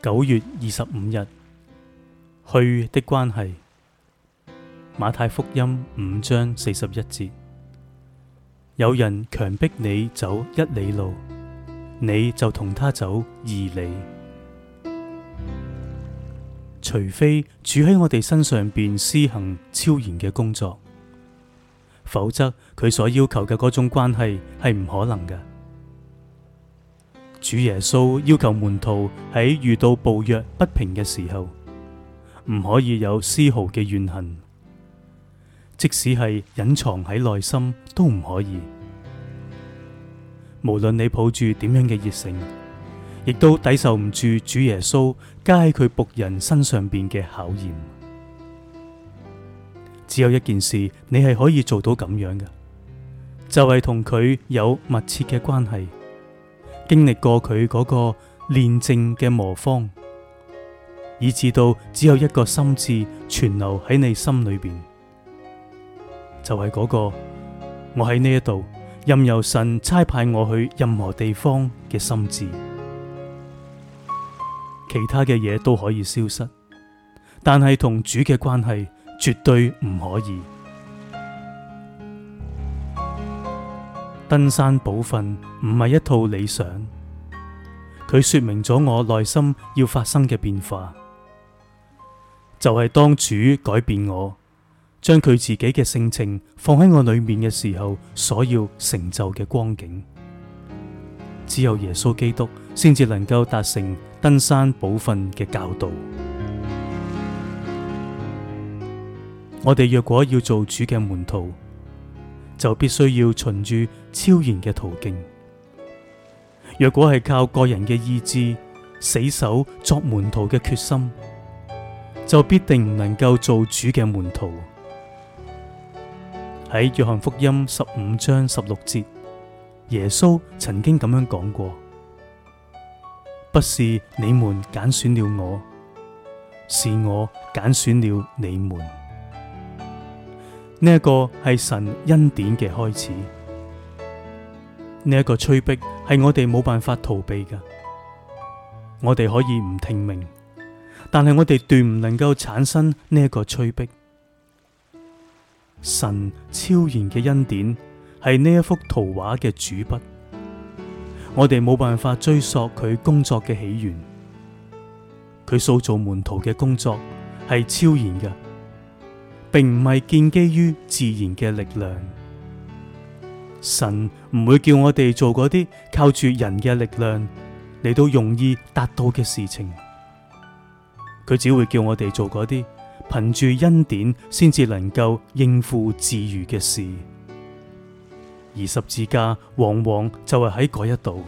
九月二十五日，去的關係，馬太福音五章四十一節：「有人強迫你走一里路，你就同他走二里。除非主喺我哋身上邊施行超然嘅工作，否則佢所要求嘅嗰種關係係唔可能嘅。主耶穌要求門徒喺遇到暴虐不平嘅時候，唔可以有絲毫嘅怨恨，即使係隱藏喺內心都唔可以。無論你抱住點樣嘅熱誠，亦都抵受唔住主耶穌加喺佢僕人身上邊嘅考驗。只有一件事，你係可以做到咁樣嘅，就係同佢有密切嘅關係。經歷過佢嗰個煉淨嘅魔方，以至到只有一個心智存留喺你心裏邊，就係嗰個我喺呢一度任由神差派我去任何地方嘅心智，其他嘅嘢，都可以消失，但係同主嘅關係絕對唔可以。登山寶訓唔係一套理想，佢說明咗我內心要發生嘅變化，就係當主改變我，將佢自己嘅性情放喺我裏面嘅時候，所要成就嘅光景。只有耶穌基督先至能夠達成登山寶訓嘅教導。我哋若果要做主嘅門徒，就必須要循住超然嘅途徑。若果係靠個人嘅意志，死守作門徒嘅決心，就必定唔能夠做主嘅門徒。喺約翰福音十五章十六節，耶穌曾經咁樣講過：「不是你們揀選了我，是我揀選了你們。」呢一個係神恩典嘅開始，呢一個催逼係我哋冇辦法逃避㗎。我哋可以唔聽命，但係我哋斷唔能夠產生呢一個催逼。神超然嘅恩典係呢一幅圖畫嘅主筆，我哋冇辦法追溯佢工作嘅起源。佢塑造門徒嘅工作係超然嘅。並唔係建基於自然嘅力量，神唔會叫我哋做嗰啲靠住人嘅力量嚟到容易達到嘅事情，佢只會叫我哋做嗰啲憑住恩典先至能夠應付自如嘅事，而十字架往往就係喺嗰一度。